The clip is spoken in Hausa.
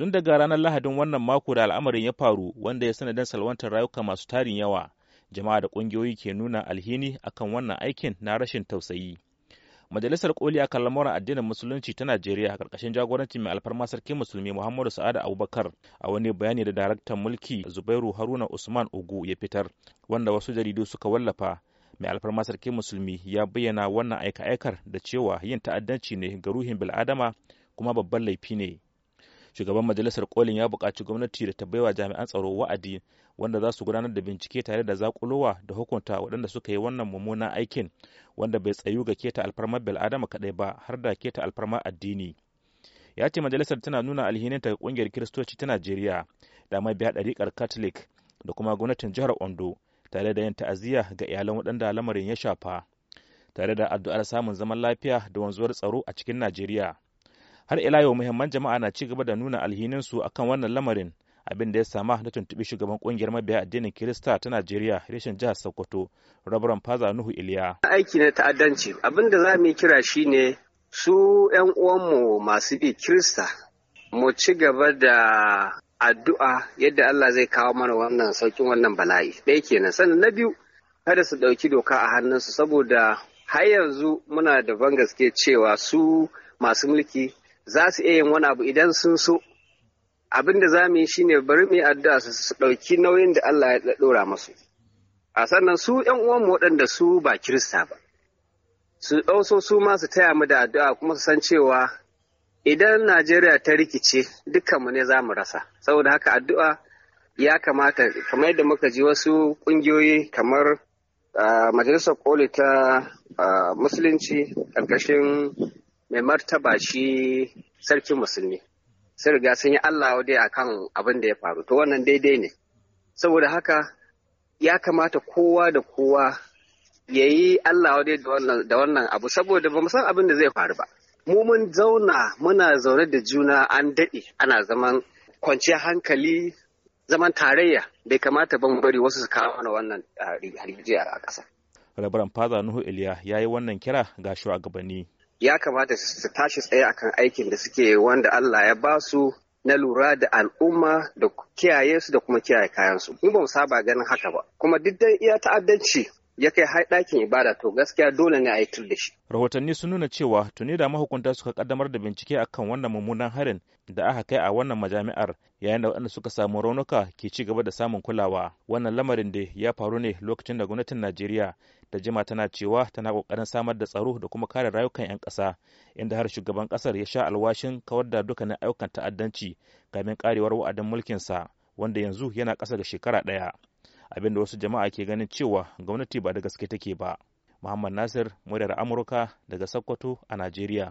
tun daga ranar lahadin wannan mako da al'amarin ya faru wanda ya sanadin salwantar rayuka masu tarin yawa jama'a da kungiyoyi ke nuna alhini akan wannan aikin na rashin tausayi majalisar koli a kan lamuran addinin musulunci ta najeriya a ƙarƙashin jagoranci mai alfarma sarkin musulmi muhammadu sa'ada abubakar a wani bayani da daraktan mulki zubairu haruna usman ugu ya fitar wanda wasu jaridu suka wallafa mai alfarma sarkin musulmi ya bayyana wannan aika-aikar da cewa yin ta'addanci ne ga ruhin bil'adama kuma babban laifi ne shugaban majalisar kolin ya buƙaci gwamnati da ta baiwa jami'an tsaro wa'adi wanda za su gudanar da bincike tare da zakulowa da hukunta waɗanda suka yi wannan mummunan aikin wanda bai tsayu ga keta alfarmar bil'adama kaɗai ba har da keta alfarmar addini ya ce majalisar tana nuna alhininta ga ƙungiyar kiristoci ta najeriya da mai biya ɗariƙar catholic da kuma gwamnatin jihar ondo tare da yin ta'aziyya ga iyalan waɗanda lamarin ya shafa tare da addu'ar samun zaman lafiya da wanzuwar tsaro a cikin najeriya har ila yau muhimman jama'a na ci gaba da nuna su akan wannan lamarin abin da ya sama na tuntubi shugaban kungiyar mabiya addinin kirista ta najeriya reshen jihar sokoto rabaran faza nuhu iliya aiki na ta'addanci abin da za mu kira shine su 'yan uwanmu masu bi kirista mu ci gaba da addu'a yadda allah zai kawo mana wannan saukin wannan bala'i ɗaya kenan sannan na biyu kada su ɗauki doka a hannunsu saboda har yanzu muna da ban gaske cewa su masu mulki za su iya yin wani abu idan sun so abin da za mu yi shine bari mu yi addu'a su ɗauki nauyin da Allah ya ɗora masu a sannan su ƴan uwanmu waɗanda su ba kirista ba su ɗauso su ma su taya mu da addu'a kuma su san cewa idan Najeriya ta rikice dukkanmu ne za mu rasa saboda haka addu'a ya kamata kamar yadda muka ji wasu ƙungiyoyi kamar ah, majalisar koli ta ah, musulunci ƙarƙashin mai martaba shi sarkin musulmi sun riga sun yi Allah dai akan abin da ya faru to wannan daidai ne saboda haka ya kamata kowa da kowa ya yi Allah dai da wannan abu saboda ba san abin da zai faru ba mu mun zauna muna zaune da juna an daɗe ana zaman kwanciya hankali zaman tarayya bai kamata ban bari wasu su kawo mana wannan ah, hargijiyar a ƙasa. Rabaran Faza Nuhu Iliya ya yi wannan kira ga shugabanni. ya kamata su tashi tsaye akan aikin da suke wanda Allah ya ba su na lura da al'umma da kiyaye su da kuma kiyaye kayansu. Mu ba mu saba ganin haka ba. Kuma duk dai iya ta'addanci ya kai har ibada to gaskiya dole ne a yi tur da shi. Rahotanni sun nuna cewa tuni da mahukunta suka kaddamar da bincike akan wannan mummunan harin da aka kai a wannan majami'ar yayin da waɗanda suka samu raunuka ke ci gaba da samun kulawa. Wannan lamarin da ya faru ne lokacin da gwamnatin Najeriya da jima tana cewa tana kokarin samar da tsaro da kuma kare rayukan 'yan ƙasa inda har shugaban kasar ya sha alwashin kawar da dukkanin ayyukan ta'addanci kamin karewar wa'adin mulkinsa wanda yanzu yana kasa da shekara ɗaya. abinda wasu jama'a ke ganin cewa gwamnati ba da gaske take ba muhammad nasir muryar amurka daga sokoto a najeriya